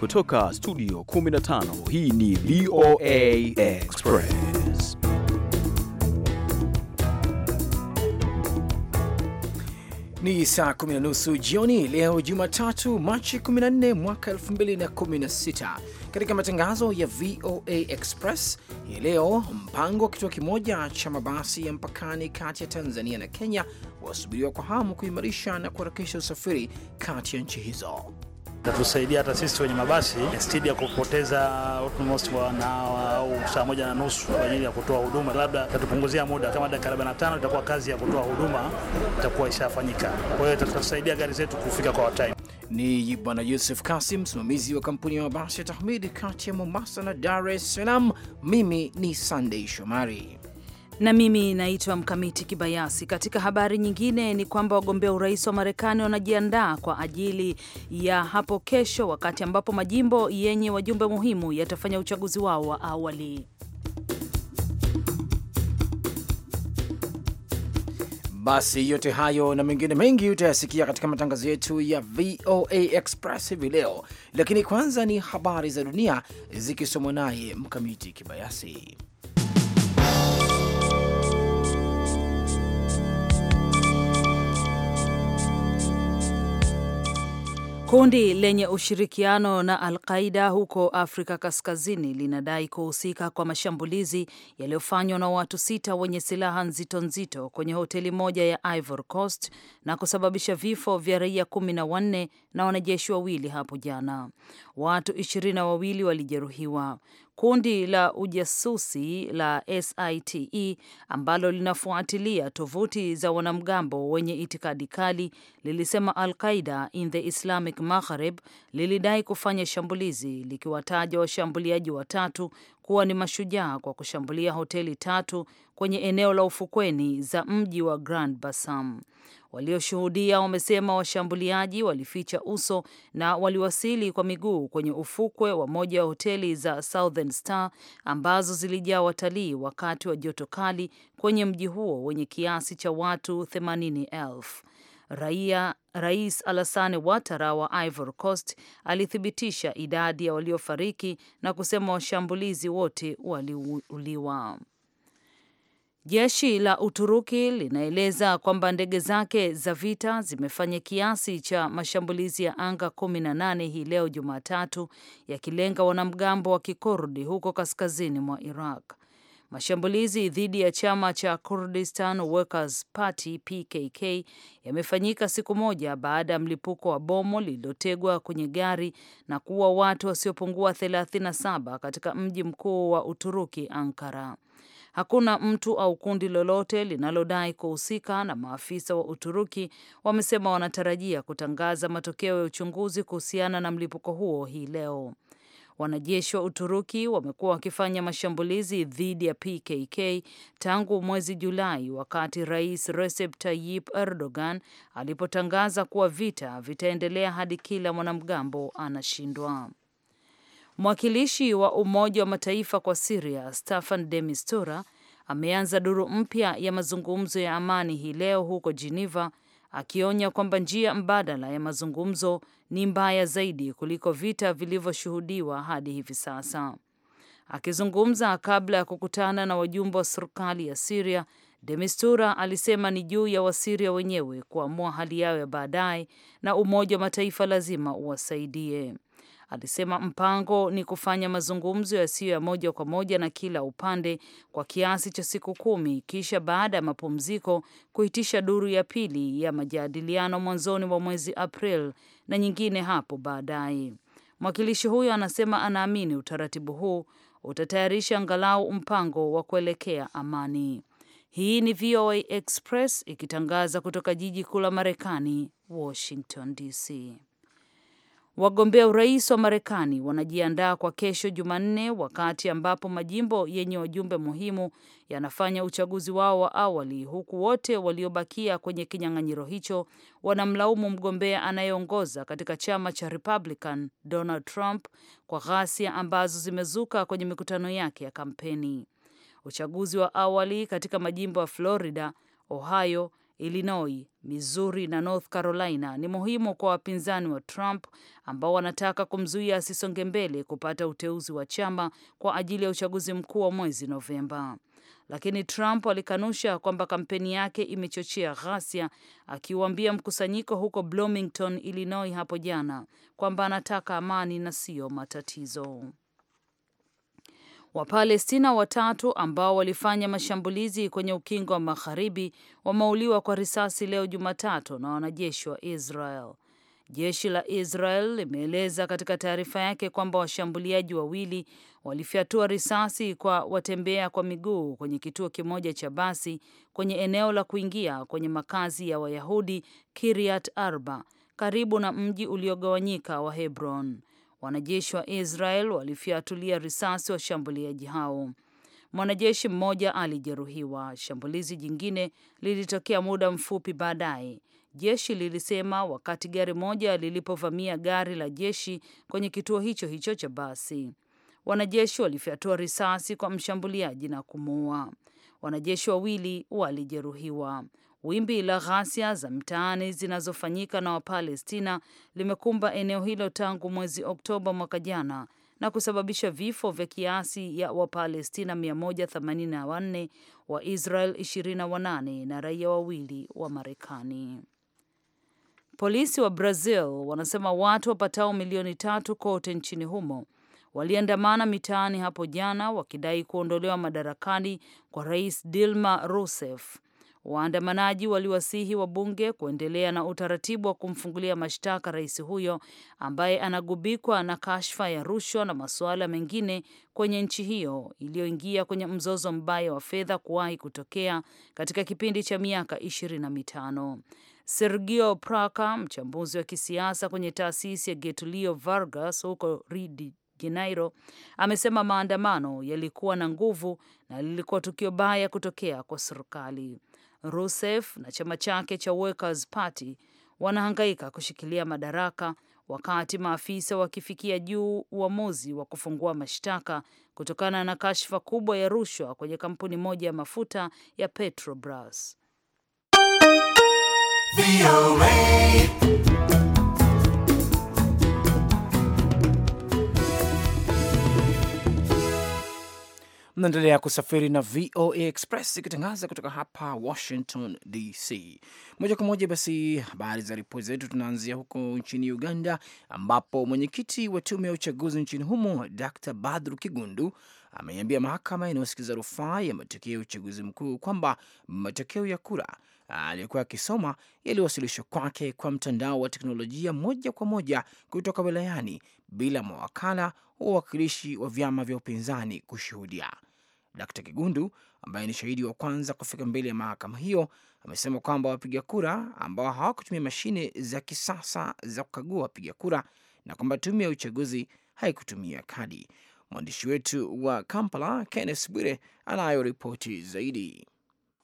Kutoka studio 15 hii ni VOA Express. Ni saa kumi na nusu jioni leo Jumatatu, Machi 14 mwaka 2016. Katika matangazo ya VOA Express hii leo, mpango wa kituo kimoja cha mabasi ya mpakani kati ya Tanzania na Kenya wasubiriwa kwa hamu kuimarisha na kuharakisha usafiri kati ya nchi hizo itatusaidia hata sisi wenye mabasi stidi ya kupoteza almost wanahawa au saa moja na nusu kwa ajili ya kutoa huduma, labda itatupunguzia muda kama dakika 45 itakuwa kazi ya kutoa huduma itakuwa ishafanyika. Kwa hiyo tatusaidia gari zetu kufika kwa time. Ni Bwana Yusuf Kasim, msimamizi wa kampuni ya mabasi ya Tahmid kati ya Mombasa na Dar es Salaam. Mimi ni Sunday Shomari na mimi naitwa Mkamiti Kibayasi. Katika habari nyingine ni kwamba wagombea urais wa Marekani wanajiandaa kwa ajili ya hapo kesho, wakati ambapo majimbo yenye wajumbe muhimu yatafanya uchaguzi wao wa awali. Basi yote hayo na mengine mengi utayasikia katika matangazo yetu ya VOA Express hivi leo, lakini kwanza ni habari za dunia zikisomwa naye Mkamiti Kibayasi. Kundi lenye ushirikiano na Al-Qaida huko Afrika Kaskazini linadai kuhusika kwa mashambulizi yaliyofanywa na watu sita wenye silaha nzito nzito kwenye hoteli moja ya Ivory Coast na kusababisha vifo vya raia kumi na wanne na wanajeshi wawili hapo jana. Watu ishirini na wawili walijeruhiwa. Kundi la ujasusi la SITE ambalo linafuatilia tovuti za wanamgambo wenye itikadi kali lilisema Al-Qaida in the Islamic Maghreb lilidai kufanya shambulizi likiwataja washambuliaji watatu kuwa ni mashujaa kwa kushambulia hoteli tatu kwenye eneo la ufukweni za mji wa Grand Bassam. Walioshuhudia wamesema washambuliaji walificha uso na waliwasili kwa miguu kwenye ufukwe wa moja ya hoteli za Southern Star ambazo zilijaa watalii wakati wa joto kali kwenye mji huo wenye kiasi cha watu 80,000. Raia, Rais Alassane Ouattara wa Ivory Coast alithibitisha idadi ya waliofariki na kusema washambulizi wote waliuliwa. Jeshi la Uturuki linaeleza kwamba ndege zake za vita zimefanya kiasi cha mashambulizi ya anga 18 hii leo Jumatatu, yakilenga wanamgambo wa Kikurdi huko kaskazini mwa Iraq. Mashambulizi dhidi ya chama cha Kurdistan Workers Party PKK yamefanyika siku moja baada ya mlipuko wa bomu lililotegwa kwenye gari na kuua watu wasiopungua 37 katika mji mkuu wa Uturuki, Ankara. Hakuna mtu au kundi lolote linalodai kuhusika, na maafisa wa Uturuki wamesema wanatarajia kutangaza matokeo ya uchunguzi kuhusiana na mlipuko huo hii leo. Wanajeshi wa Uturuki wamekuwa wakifanya mashambulizi dhidi ya PKK tangu mwezi Julai, wakati Rais Recep Tayyip Erdogan alipotangaza kuwa vita vitaendelea hadi kila mwanamgambo anashindwa. Mwakilishi wa Umoja wa Mataifa kwa Siria Staffan de Mistura ameanza duru mpya ya mazungumzo ya amani hii leo huko Geneva akionya kwamba njia mbadala ya mazungumzo ni mbaya zaidi kuliko vita vilivyoshuhudiwa hadi hivi sasa. Akizungumza kabla ya kukutana na wajumbe wa serikali ya Siria, Demistura alisema ni juu ya Wasiria wenyewe kuamua hali yao ya baadaye na Umoja wa Mataifa lazima uwasaidie alisema mpango ni kufanya mazungumzo yasiyo ya moja kwa moja na kila upande kwa kiasi cha siku kumi, kisha baada ya mapumziko kuitisha duru ya pili ya majadiliano mwanzoni mwa mwezi April na nyingine hapo baadaye. Mwakilishi huyo anasema anaamini utaratibu huu utatayarisha angalau mpango wa kuelekea amani. Hii ni VOA Express ikitangaza kutoka jiji kuu la Marekani, Washington DC. Wagombea urais wa Marekani wanajiandaa kwa kesho Jumanne, wakati ambapo majimbo yenye wajumbe muhimu yanafanya uchaguzi wao wa awali, huku wote waliobakia kwenye kinyang'anyiro hicho wanamlaumu mgombea anayeongoza katika chama cha Republican Donald Trump kwa ghasia ambazo zimezuka kwenye mikutano yake ya kampeni. Uchaguzi wa awali katika majimbo ya Florida, Ohio, Illinois, Missouri na North Carolina ni muhimu kwa wapinzani wa Trump ambao wanataka kumzuia asisonge mbele kupata uteuzi wa chama kwa ajili ya uchaguzi mkuu wa mwezi Novemba. Lakini Trump alikanusha kwamba kampeni yake imechochea ghasia, akiuambia mkusanyiko huko Bloomington, Illinois hapo jana kwamba anataka amani na siyo matatizo. Wapalestina watatu ambao walifanya mashambulizi kwenye ukingo wa magharibi wameuliwa kwa risasi leo Jumatatu na wanajeshi wa Israel. Jeshi la Israel limeeleza katika taarifa yake kwamba washambuliaji wawili walifyatua risasi kwa watembea kwa miguu kwenye kituo kimoja cha basi kwenye eneo la kuingia kwenye makazi ya Wayahudi Kiryat Arba, karibu na mji uliogawanyika wa Hebron. Wanajeshi wa Israel walifyatulia risasi washambuliaji hao. Mwanajeshi mmoja alijeruhiwa. Shambulizi jingine lilitokea muda mfupi baadaye, jeshi lilisema, wakati gari moja lilipovamia gari la jeshi kwenye kituo hicho hicho cha basi. Wanajeshi walifyatua risasi kwa mshambuliaji na kumuua. Wanajeshi wawili walijeruhiwa. Wimbi la ghasia za mtaani zinazofanyika na Wapalestina limekumba eneo hilo tangu mwezi Oktoba mwaka jana na kusababisha vifo vya kiasi ya Wapalestina 184 wa Israel 28 na raia wawili wa Marekani. Polisi wa Brazil wanasema watu wapatao milioni tatu kote nchini humo waliandamana mitaani hapo jana wakidai kuondolewa madarakani kwa Rais Dilma Rousseff Waandamanaji waliwasihi wabunge kuendelea na utaratibu wa kumfungulia mashtaka rais huyo ambaye anagubikwa na kashfa ya rushwa na masuala mengine kwenye nchi hiyo iliyoingia kwenye mzozo mbaya wa fedha kuwahi kutokea katika kipindi cha miaka ishirini na mitano. Sergio Praka, mchambuzi wa kisiasa kwenye taasisi ya Getulio Vargas huko Rio Janeiro, amesema maandamano yalikuwa na nguvu na lilikuwa tukio baya kutokea kwa serikali. Rousseff na chama chake cha Workers Party wanahangaika kushikilia madaraka wakati maafisa wakifikia juu uamuzi wa kufungua mashtaka kutokana na kashfa kubwa ya rushwa kwenye kampuni moja ya mafuta ya Petrobras. Mnaendelea kusafiri na VOA Express ikitangaza kutoka hapa Washington DC moja kwa moja. Basi habari za ripoti zetu, tunaanzia huko nchini Uganda ambapo mwenyekiti wa tume ya uchaguzi nchini humo Dr Badru Kigundu ameiambia mahakama inayosikiza rufaa ya matokeo ya uchaguzi mkuu kwamba matokeo ya kura aliyokuwa akisoma yaliwasilishwa kwake kwa mtandao wa teknolojia moja kwa moja kutoka wilayani bila mawakala wa uwakilishi wa vyama vya upinzani kushuhudia. Dkt Kigundu, ambaye ni shahidi wa kwanza kufika mbele ya mahakama hiyo, amesema kwamba wapiga kura ambao hawakutumia mashine za kisasa za kukagua wapiga kura na kwamba tume ya uchaguzi haikutumia kadi. Mwandishi wetu wa Kampala, Kenneth Bwire, anayo ripoti zaidi.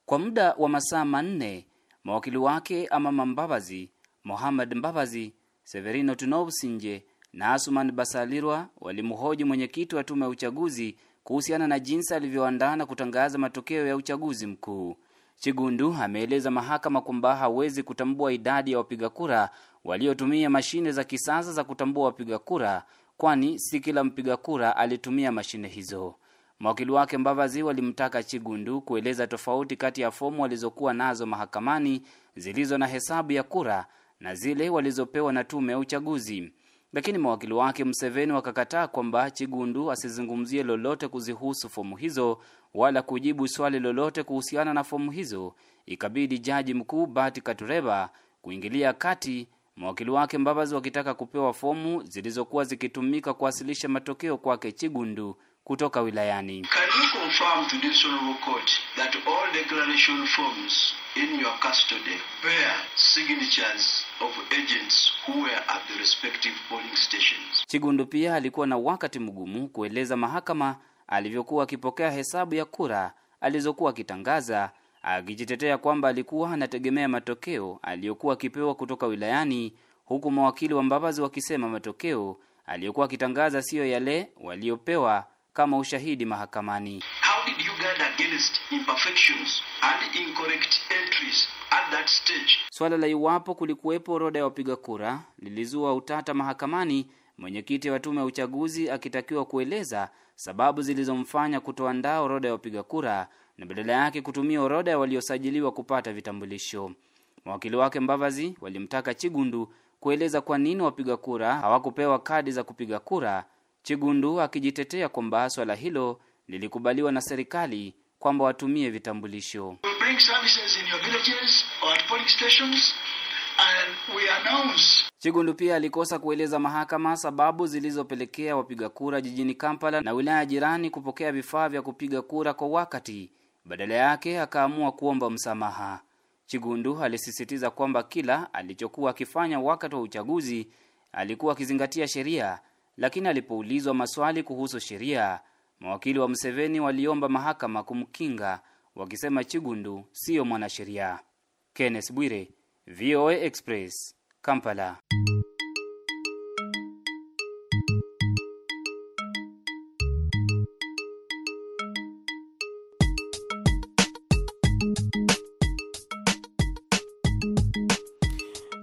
Kwa muda wa masaa manne mawakili wake Amama Mbabazi, Mohamed Mbabazi, Severino Tunovsinje na Asuman Basalirwa walimhoji mwenyekiti wa tume ya uchaguzi kuhusiana na jinsi alivyoandaa na kutangaza matokeo ya uchaguzi mkuu. Chigundu ameeleza mahakama kwamba hawezi kutambua idadi ya wapiga kura waliotumia mashine za kisasa za kutambua wapiga kura, kwani si kila mpiga kura alitumia mashine hizo. Mawakili wake Mbavazi walimtaka Chigundu kueleza tofauti kati ya fomu walizokuwa nazo mahakamani zilizo na hesabu ya kura na zile walizopewa na tume ya uchaguzi lakini mawakili wake mseveni wakakataa kwamba Chigundu asizungumzie lolote kuzihusu fomu hizo wala kujibu swali lolote kuhusiana na fomu hizo. Ikabidi jaji mkuu Bati Katureba kuingilia kati, mawakili wake Mbabazi wakitaka kupewa fomu zilizokuwa zikitumika kuwasilisha matokeo kwake Chigundu kutoka wilayani. Can you confirm to this honorable court that all declaration forms in your custody bear signatures of agents who were at the respective polling stations? Chigundu pia alikuwa na wakati mgumu kueleza mahakama alivyokuwa akipokea hesabu ya kura alizokuwa akitangaza, akijitetea kwamba alikuwa anategemea matokeo aliyokuwa akipewa kutoka wilayani, huku mawakili wa Mbabazi wakisema matokeo aliyokuwa akitangaza siyo yale waliopewa kama ushahidi mahakamani. How did you guard against imperfections and incorrect entries at that stage? Swala la iwapo kulikuwepo orodha ya wapiga kura lilizua utata mahakamani, mwenyekiti wa tume ya uchaguzi akitakiwa kueleza sababu zilizomfanya kutoandaa orodha ya wapiga kura na badala yake kutumia orodha ya waliosajiliwa kupata vitambulisho. Mawakili wake Mbavazi walimtaka Chigundu kueleza kwa nini wapiga kura hawakupewa kadi za kupiga kura Chigundu akijitetea kwamba swala hilo lilikubaliwa na serikali kwamba watumie vitambulisho. Chigundu pia alikosa kueleza mahakama sababu zilizopelekea wapiga kura jijini Kampala na wilaya jirani kupokea vifaa vya kupiga kura kwa wakati, badala yake akaamua kuomba msamaha. Chigundu alisisitiza kwamba kila alichokuwa akifanya wakati wa uchaguzi alikuwa akizingatia sheria lakini alipoulizwa maswali kuhusu sheria, mawakili wa mseveni waliomba mahakama kumkinga wakisema Chigundu siyo mwanasheria. Kenneth Bwire, VOA Express, Kampala.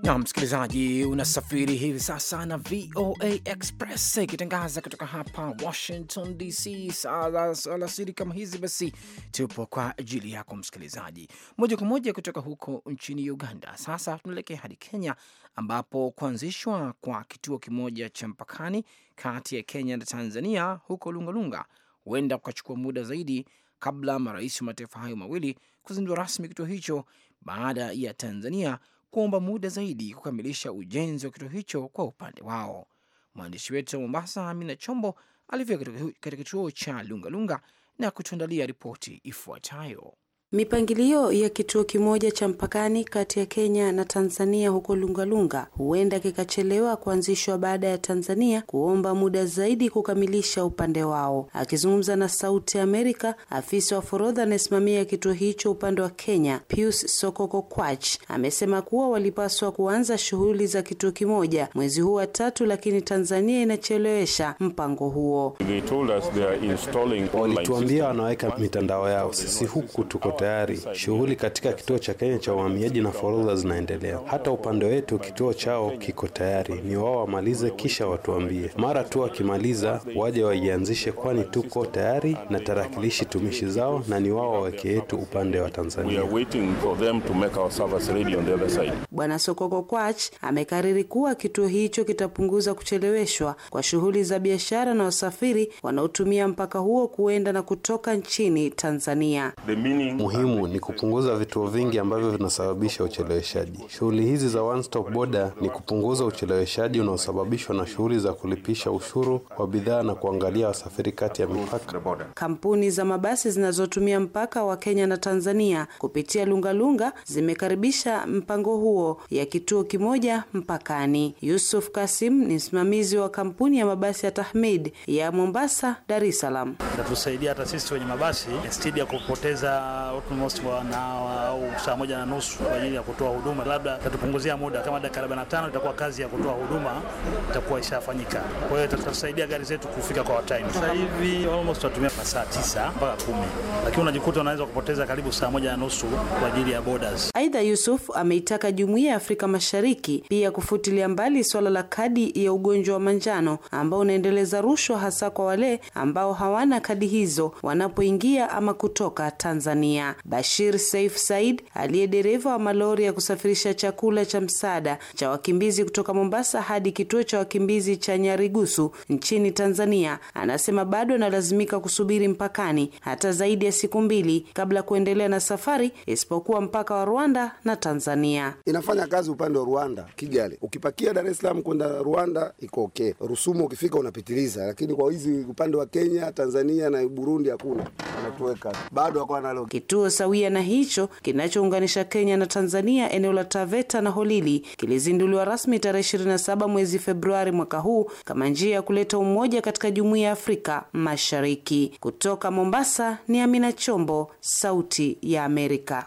na msikilizaji, unasafiri hivi sasa na VOA Express ikitangaza kutoka hapa Washington DC, saa alasiri kama hizi. Basi tupo kwa ajili yako msikilizaji, moja kwa moja kutoka huko nchini Uganda. Sasa tunaelekea hadi Kenya, ambapo kuanzishwa kwa kituo kimoja cha mpakani kati ya Kenya na Tanzania huko Lungalunga huenda kukachukua muda zaidi kabla marais wa mataifa hayo mawili kuzindua rasmi kituo hicho baada ya Tanzania kuomba muda zaidi kukamilisha ujenzi wa kituo hicho kwa upande wao. Mwandishi wetu wa Mombasa, Amina Chombo, alivyo katika kituo cha Lungalunga na kutuandalia ripoti ifuatayo. Mipangilio ya kituo kimoja cha mpakani kati ya Kenya na Tanzania huko Lungalunga huenda kikachelewa kuanzishwa baada ya Tanzania kuomba muda zaidi kukamilisha upande wao. Akizungumza na Sauti Amerika, afisa wa forodha anayesimamia kituo hicho upande wa Kenya, Pius Sokoko Kwach, amesema kuwa walipaswa kuanza shughuli za kituo kimoja mwezi huu wa tatu, lakini Tanzania inachelewesha mpango huo. Walituambia wanaweka mitandao yao, sisi huku tuko tayari shughuli katika kituo cha Kenya cha uhamiaji na forodha zinaendelea. Hata upande wetu kituo chao kiko tayari, ni wao wamalize, kisha watuambie. Mara tu wakimaliza, waje waianzishe, kwani tuko tayari na tarakilishi tumishi zao, na ni wao waweke yetu upande wa Tanzania. Bwana Sokoko Kwach amekariri kuwa kituo hicho kitapunguza kucheleweshwa kwa shughuli za biashara na wasafiri wanaotumia mpaka huo kuenda na kutoka nchini Tanzania. Muhimu ni kupunguza vituo vingi ambavyo vinasababisha ucheleweshaji. Shughuli hizi za one stop border ni kupunguza ucheleweshaji unaosababishwa na shughuli za kulipisha ushuru wa bidhaa na kuangalia wasafiri kati ya mipaka. Kampuni za mabasi zinazotumia mpaka wa Kenya na Tanzania kupitia Lungalunga zimekaribisha mpango huo ya kituo kimoja mpakani. Yusuf Kasim ni msimamizi wa kampuni ya mabasi ya Tahmid ya Mombasa, Dar es Salaam. Itatusaidia hata sisi wenye mabasi stidi ya kupoteza almost wa hour au saa moja na nusu kwa ajili ya kutoa huduma, labda itatupunguzia muda kama dakika tano itakuwa kazi ya kutoa huduma itakuwa ishafanyika. Kwa hiyo tutasaidia gari zetu kufika kwa time. Sasa hivi almost tunatumia masaa tisa mpaka kumi, lakini unajikuta unaweza kupoteza karibu saa moja na nusu kwa ajili ya borders. Aidha, Yusuf ameitaka jumuiya ya Afrika Mashariki pia kufutilia mbali swala la kadi ya ugonjwa wa manjano ambao unaendeleza rushwa hasa kwa wale ambao hawana kadi hizo wanapoingia ama kutoka Tanzania. Kenya. Bashir Saif Said aliye dereva wa malori ya kusafirisha chakula cha msaada cha wakimbizi kutoka Mombasa hadi kituo cha wakimbizi cha Nyarigusu nchini Tanzania, anasema bado analazimika kusubiri mpakani hata zaidi ya siku mbili kabla ya kuendelea na safari, isipokuwa mpaka wa Rwanda na Tanzania. Inafanya kazi upande wa Rwanda Kigali, ukipakia Dar es Salaam kwenda Rwanda iko okay. Rusumo ukifika unapitiliza, lakini kwa hizi upande wa Kenya, Tanzania na Burundi hakuna, anatuweka bado wako analo kitu Kituo sawia na hicho kinachounganisha Kenya na Tanzania eneo la Taveta na Holili kilizinduliwa rasmi tarehe 27 mwezi Februari mwaka huu kama njia ya kuleta umoja katika Jumuiya ya Afrika Mashariki. Kutoka Mombasa ni Amina Chombo, Sauti ya Amerika.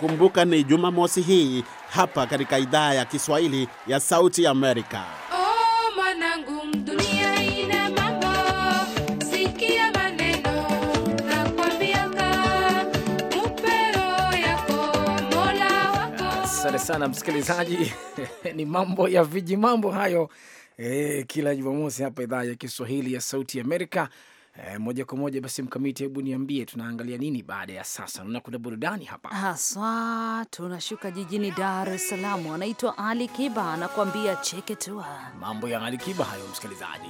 Kumbuka ni Jumamosi hii hapa katika idhaa ya Kiswahili ya Sauti Amerika. mwanangu maneno Asante sana msikilizaji ni mambo ya viji mambo hayo. E, kila Jumamosi hapa idhaa ya Kiswahili ya Sauti Amerika Eh, moja kwa moja basi, Mkamiti, hebu niambie tunaangalia nini baada ya sasa? Naona kuna burudani hapa haswa. Tunashuka jijini Dar es Salaam, anaitwa Ali Kiba anakuambia tu Mambo ya Ali Kiba hayo, msikilizaji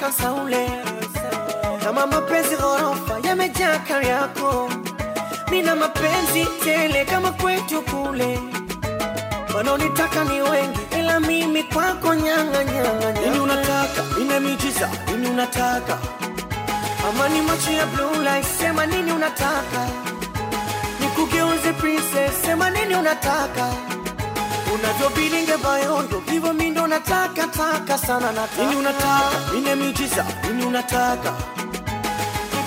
tamani, kama mapenzi ghorofa yamejaa kari yako, nina mapenzi tele kama kwetu kule, wanaonitaka ni wengi, ila mimi kwako nyanga nyanga. Nini unataka? Nina miujiza. Nini unataka? ni macho ya blue light, sema nini unataka? Nikugeuze princess, sema nini unataka? Unavyobilinge bayondo vivyo, mimi ndo nataka taka sana nataka. Nini unataka? Nina miujiza. Nini unataka?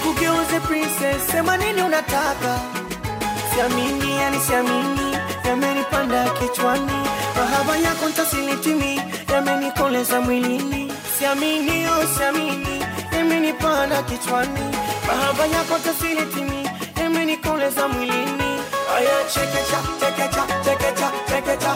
Tugeuze princess, sema nini unataka? Siamini yani siamini, yamenipanda kichwani, mahaba yako ntasilitimi, yamenikoleza mwilini. Siamini oh siamini, yamenipanda kichwani, mahaba yako ntasilitimi, yamenikoleza mwilini. Aya chekecha, chekecha, chekecha, chekecha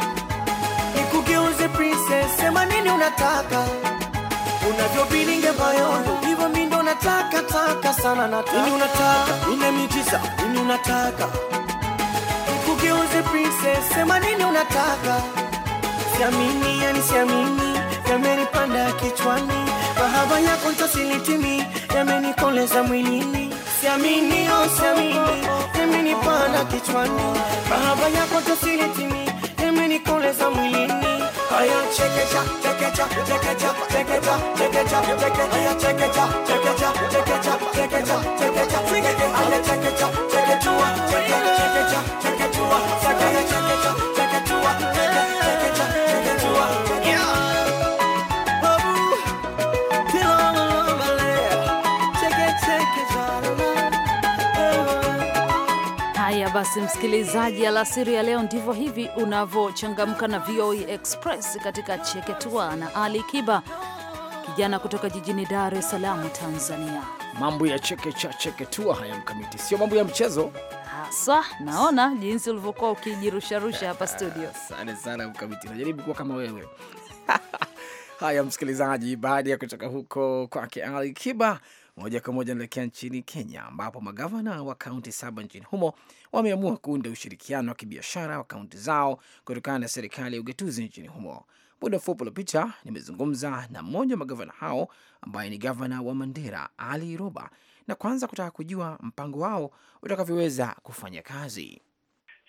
nigeuze princess, sema nini unataka? Unavyo bilinge bayondo, hivyo mimi ndo nataka taka sana nataka. Nini unataka? Nina miujiza, nini unataka? Nikugeuze princess, sema nini unataka? Siamini, yani siamini, yamenipanda kichwani. Mahaba yako ntasilitimi, yamenikoleza mwilini. Siamini, oh siamini, yamenipanda kichwani. Mahaba yako ntasilitimi kuleza mwilini. Haya chekecha chekecha cha, chekecha chekecha cheke haya chekecha cha, chekecha chekecha chekecha cheke haya chekecha chekechua cheke cha, chekechua saka haya chekecha basi msikilizaji, alasiri ya leo ndivyo hivi unavyochangamka na VOA e Express katika Cheketua na Ali Kiba, kijana kutoka jijini Dar es Salaam, Tanzania. Mambo ya cheke cha Cheketua haya mkamiti, sio mambo ya mchezo haswa. Naona jinsi ulivyokuwa ukijirusharusha hapa studio. Ah, asante sana mkamiti, najaribu kuwa kama wewe. Haya msikilizaji, baada ya kutoka huko kwake Ali Kiba moja kwa moja anaelekea nchini Kenya, ambapo magavana wa kaunti saba nchini humo wameamua kuunda ushirikiano wa kibiashara wa kaunti zao kutokana na serikali ya ugatuzi nchini humo. Muda mfupi uliopita nimezungumza na mmoja wa magavana hao ambaye ni gavana wa Mandera, Ali Roba, na kwanza kutaka kujua mpango wao utakavyoweza kufanya kazi.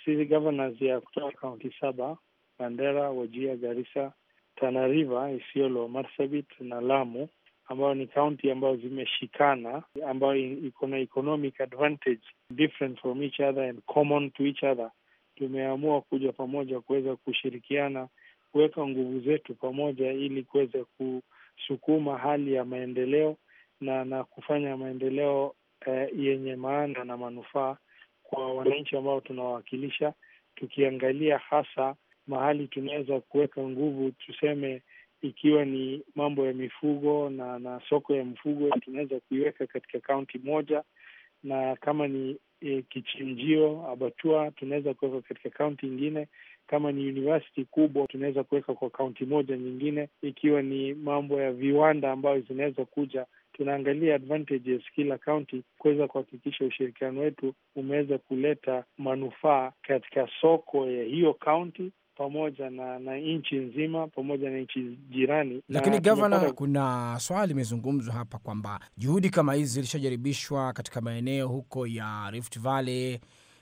Sisi governors ya kutoka kaunti saba Mandera, Wajia, garisa Tana River, Isiolo, Marsabit na Lamu ambayo ni kaunti ambayo zimeshikana, ambayo iko na economic advantage different from each other and common to each other. Tumeamua kuja pamoja kuweza kushirikiana, kuweka nguvu zetu pamoja ili kuweza kusukuma hali ya maendeleo na na kufanya maendeleo eh, yenye maana na manufaa kwa wananchi ambao tunawawakilisha, tukiangalia hasa mahali tunaweza kuweka nguvu, tuseme ikiwa ni mambo ya mifugo na na soko ya mfugo tunaweza kuiweka katika kaunti moja, na kama ni e, kichinjio abatua tunaweza kuweka katika kaunti ingine. Kama ni university kubwa tunaweza kuweka kwa kaunti moja nyingine. Ikiwa ni mambo ya viwanda ambayo zinaweza kuja, tunaangalia advantages kila kaunti kuweza kuhakikisha ushirikiano wetu umeweza kuleta manufaa katika soko ya hiyo kaunti pamoja na, na nchi nzima pamoja na nchi jirani. Lakini gavana, tumepata... kuna swala limezungumzwa hapa kwamba juhudi kama hizi zilishajaribishwa katika maeneo huko ya Rift Valley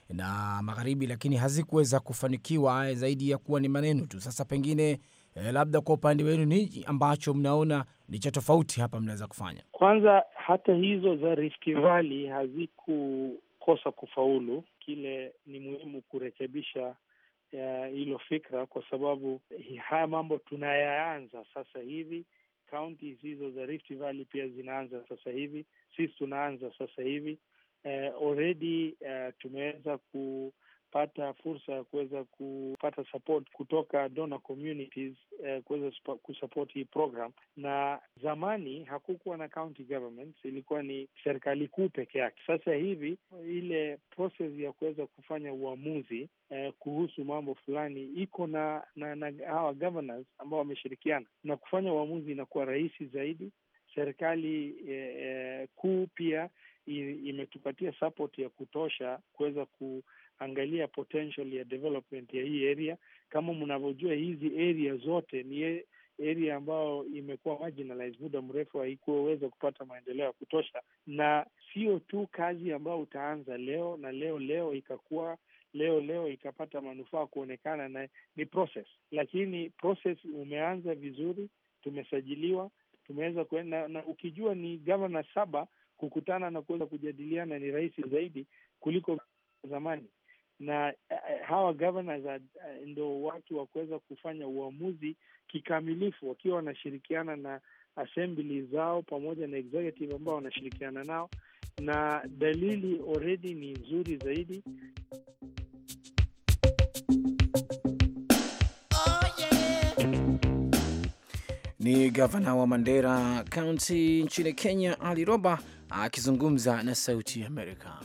na magharibi, lakini hazikuweza kufanikiwa eh, zaidi ya kuwa ni maneno tu. Sasa pengine eh, labda kwa upande wenu ni ambacho mnaona ni cha tofauti hapa mnaweza kufanya? Kwanza hata hizo za Rift Valley hazikukosa kufaulu. Kile ni muhimu kurekebisha hilo fikra, kwa sababu haya mambo tunayaanza sasa hivi. Kaunti hizo za Rift Valley pia zinaanza sasa hivi, sisi tunaanza sasa hivi. Uh, already uh, tumeweza ku pata fursa ya kuweza kupata support kutoka donor communities eh, kuweza kusupport hii program. Na zamani hakukuwa na county governments, ilikuwa ni serikali kuu peke yake. Sasa hivi ile process ya kuweza kufanya uamuzi eh, kuhusu mambo fulani iko na na hawa governors ambao wameshirikiana na kufanya uamuzi, inakuwa rahisi zaidi serikali e, e, kuu pia imetupatia support ya kutosha kuweza kuangalia potential ya development ya hii area. Kama mnavyojua, hizi area zote ni e, area ambayo imekuwa marginalized muda mrefu, haikuweza kupata maendeleo ya kutosha, na sio tu kazi ambayo utaanza leo na leo leo ikakuwa leo leo ikapata manufaa kuonekana, na ni process, lakini process umeanza vizuri, tumesajiliwa tumeweza kuenda na ukijua ni gavana saba kukutana na kuweza kujadiliana ni rahisi zaidi kuliko zamani, na uh, hawa governors uh, eh, ndo watu wa kuweza kufanya uamuzi kikamilifu wakiwa wanashirikiana na assembly zao pamoja na executive ambao wanashirikiana nao, na dalili already ni nzuri zaidi. Ni gavana wa Mandera kaunti nchini Kenya, Ali Roba, akizungumza na Sauti ya Amerika.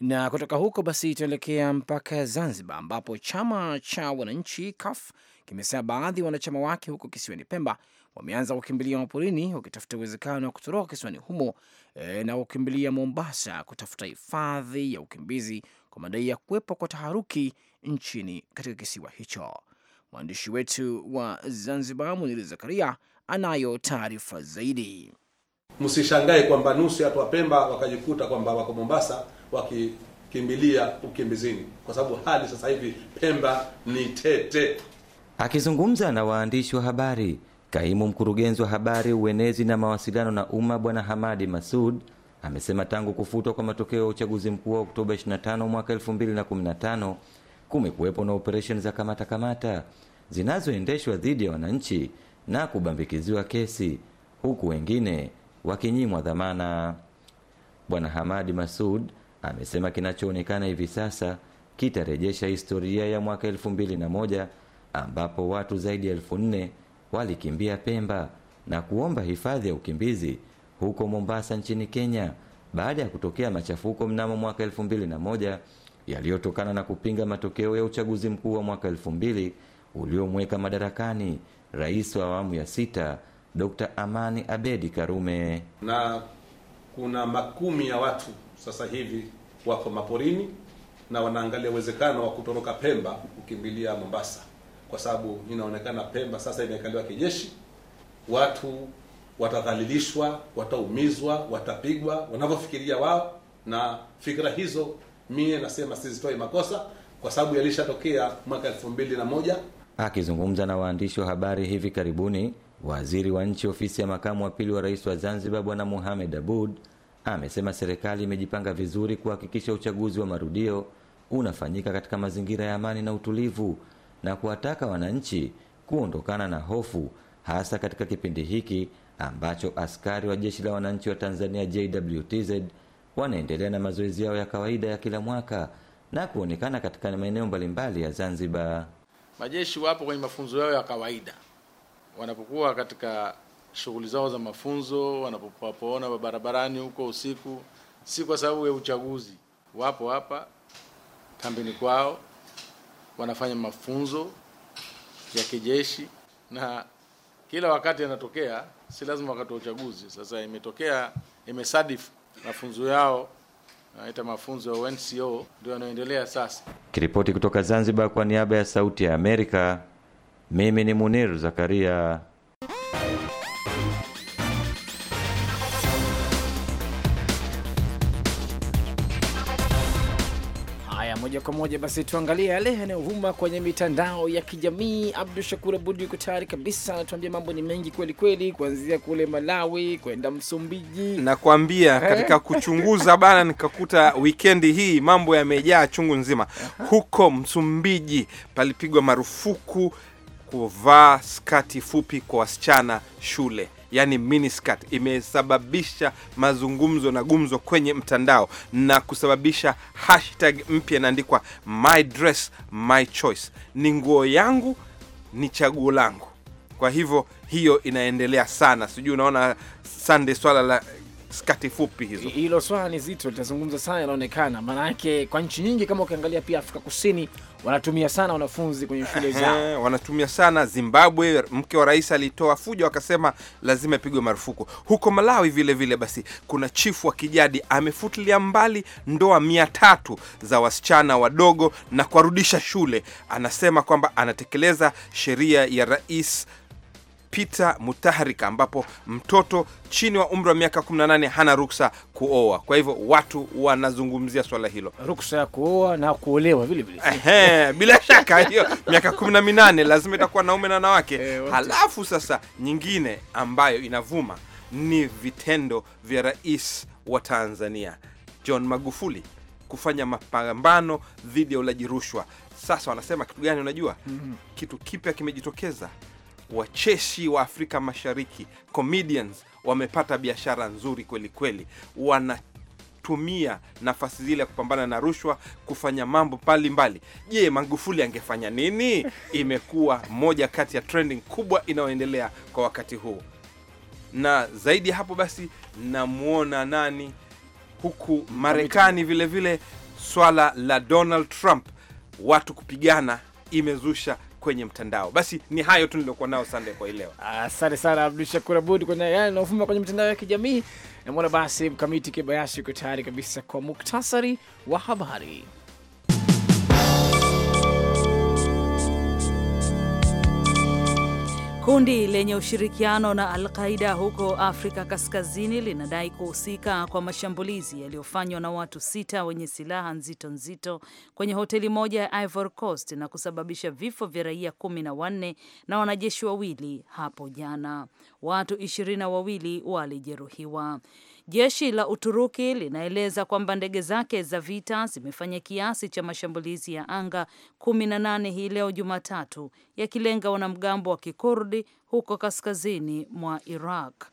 Na kutoka huko basi tunaelekea mpaka Zanzibar, ambapo chama cha wananchi CUF kimesema baadhi ya wanachama wake huko kisiwani Pemba wameanza kukimbilia maporini wakitafuta uwezekano wa kutoroka kisiwani humo e, na kukimbilia Mombasa kutafuta hifadhi ya ukimbizi kwa madai ya kuwepo kwa taharuki nchini katika kisiwa hicho. Mwandishi wetu wa Zanzibar, Muniri Zakaria, anayo taarifa zaidi. Msishangae kwamba nusu ya watu wa Pemba wakajikuta kwamba wako Mombasa wakikimbilia ukimbizini, kwa sababu hali sasa hivi Pemba ni tete. Akizungumza na waandishi wa habari, kaimu mkurugenzi wa habari, uenezi na mawasiliano na umma, Bwana Hamadi Masud amesema tangu kufutwa kwa matokeo ya uchaguzi mkuu wa Oktoba 25 mwaka 2015 kumekuwepo na operesheni za kamata kamata zinazoendeshwa dhidi ya wananchi na kubambikiziwa kesi, huku wengine wakinyimwa dhamana. Bwana Hamadi Masud amesema kinachoonekana hivi sasa kitarejesha historia ya mwaka elfu mbili na moja ambapo watu zaidi ya elfu nne walikimbia Pemba na kuomba hifadhi ya ukimbizi huko Mombasa nchini Kenya baada ya kutokea machafuko mnamo mwaka elfu mbili na moja yaliyotokana na kupinga matokeo ya uchaguzi mkuu wa mwaka elfu mbili uliomweka madarakani rais wa awamu ya sita Dr. Amani Abedi Karume. Na kuna makumi ya watu sasa hivi wako maporini na wanaangalia uwezekano wa kutoroka Pemba kukimbilia Mombasa, kwa sababu inaonekana Pemba sasa imekaliwa kijeshi. Watu watadhalilishwa, wataumizwa, watapigwa wanavyofikiria wao, na fikira hizo mie nasema sizitoi makosa kwa sababu yalishatokea mwaka elfu mbili na moja. Akizungumza na waandishi wa habari hivi karibuni, waziri wa nchi ofisi ya makamu wa pili wa rais wa Zanzibar Bwana muhamed Abud amesema serikali imejipanga vizuri kuhakikisha uchaguzi wa marudio unafanyika katika mazingira ya amani na utulivu, na kuwataka wananchi kuondokana na hofu, hasa katika kipindi hiki ambacho askari wa jeshi la wananchi wa Tanzania JWTZ wanaendelea na mazoezi yao ya kawaida ya kila mwaka na kuonekana katika maeneo mbalimbali ya Zanzibar. Majeshi wapo kwenye mafunzo yao ya kawaida, wanapokuwa katika shughuli zao za mafunzo, wanapoona barabarani huko usiku, si kwa sababu ya uchaguzi, wapo hapa kambini kwao, wanafanya mafunzo ya kijeshi na kila wakati yanatokea si lazima wakati wa uchaguzi. Sasa imetokea imesadif mafunzo yao naita mafunzo ya NCO ndio yanayoendelea sasa. Kiripoti kutoka Zanzibar kwa niaba ya Sauti ya Amerika, mimi ni Munir Zakaria. kwa moja basi tuangalie yale yanayovuma kwenye mitandao ya kijamii. Abdu Shakur Abud yuko tayari kabisa, anatuambia mambo ni mengi kweli kweli, kuanzia kule Malawi kwenda Msumbiji. Nakwambia eh? katika kuchunguza bana, nikakuta wikendi hii mambo yamejaa chungu nzima. Huko Msumbiji palipigwa marufuku kuvaa skati fupi kwa wasichana shule yani miniskirt, imesababisha mazungumzo na gumzo kwenye mtandao na kusababisha hashtag mpya inaandikwa my dress my choice, ni nguo yangu ni chaguo langu. Kwa hivyo hiyo inaendelea sana, sijui unaona Sunday, swala la skati fupi hizo. Hilo swala ni zito, litazungumza sana, inaonekana maanake, kwa nchi nyingi kama ukiangalia pia Afrika Kusini wanatumia sana wanafunzi kwenye shule zao, wanatumia sana. Zimbabwe, mke wa rais alitoa fujo, akasema lazima ipigwe marufuku. Huko Malawi vile vile, basi kuna chifu wa kijadi amefutilia mbali ndoa mia tatu za wasichana wadogo na kuwarudisha shule. Anasema kwamba anatekeleza sheria ya rais Peter Mutaharika, ambapo mtoto chini wa umri wa miaka 18 hana ruksa kuoa. Kwa hivyo watu wanazungumzia swala hilo, ruksa ya kuoa na kuolewa vile vile. Ehe, bila shaka hiyo miaka 18 lazima itakuwa naume na wanawake eh, Halafu sasa nyingine ambayo inavuma ni vitendo vya rais wa Tanzania John Magufuli kufanya mapambano dhidi ya ulaji rushwa. Sasa wanasema kitu gani? Unajua, mm -hmm. kitu kipya kimejitokeza wacheshi wa Afrika Mashariki, comedians wamepata biashara nzuri kweli kweli, wanatumia nafasi zile ya kupambana na rushwa kufanya mambo mbalimbali. Je, Magufuli angefanya nini? Imekuwa moja kati ya trending kubwa inayoendelea kwa wakati huu, na zaidi ya hapo basi, namwona nani huku Marekani vilevile, swala la Donald Trump, watu kupigana imezusha kwenye mtandao. Basi ni hayo tu niliokuwa nao sande kwa leo. Asante sana abdu Shakur Abud kwenye yale yanayovuma kwenye mtandao ya kijamii. Namwona basi mkamiti Kibayasi uko tayari kabisa kwa muktasari wa habari. Kundi lenye ushirikiano na Al-Qaida huko Afrika Kaskazini linadai kuhusika kwa mashambulizi yaliyofanywa na watu sita wenye silaha nzito nzito kwenye hoteli moja ya Ivory Coast na kusababisha vifo vya raia kumi na wanne na wanajeshi wawili hapo jana. Watu ishirini na wawili walijeruhiwa. Jeshi la Uturuki linaeleza kwamba ndege zake za vita zimefanya kiasi cha mashambulizi ya anga 18 hii leo Jumatatu, yakilenga wanamgambo wa Kikurdi huko kaskazini mwa Iraq.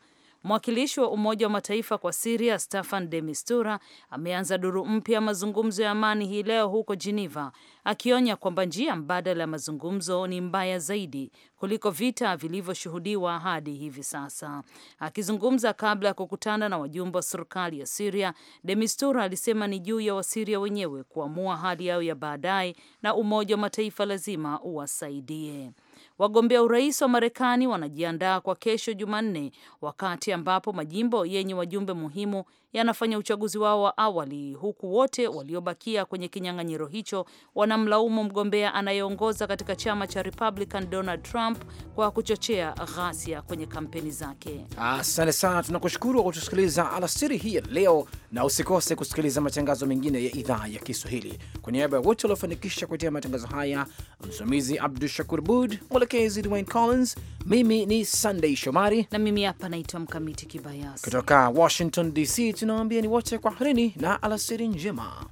Mwakilishi wa Umoja wa Mataifa kwa Siria Staffan de Mistura ameanza duru mpya ya mazungumzo ya amani hii leo huko Geneva, akionya kwamba njia mbadala ya mazungumzo ni mbaya zaidi kuliko vita vilivyoshuhudiwa hadi hivi sasa. Akizungumza kabla ya kukutana na wajumbe wa serikali ya Siria, Demistura alisema ni juu ya Wasiria wenyewe kuamua hali yao ya baadaye na Umoja wa Mataifa lazima uwasaidie. Wagombea urais wa Marekani wanajiandaa kwa kesho Jumanne, wakati ambapo majimbo yenye wajumbe muhimu yanafanya uchaguzi wao wa awali, huku wote waliobakia kwenye kinyang'anyiro hicho wanamlaumu mgombea anayeongoza katika chama cha Republican Donald Trump kwa kuchochea ghasia kwenye kampeni zake. Asante sana, tunakushukuru kwa kutusikiliza alasiri hii ya leo, na usikose kusikiliza matangazo mengine ya idhaa ya Kiswahili. Kwa niaba ya wote waliofanikisha kuletea matangazo haya, msimamizi Abdu Shakur Bud mwelekezi Dwayne Collins, mimi ni Sunday Shomari na mimi hapa naitwa Mkamiti Kibayasi kutoka Washington DC. Tunawaambia ni wote kwaherini na alasiri njema.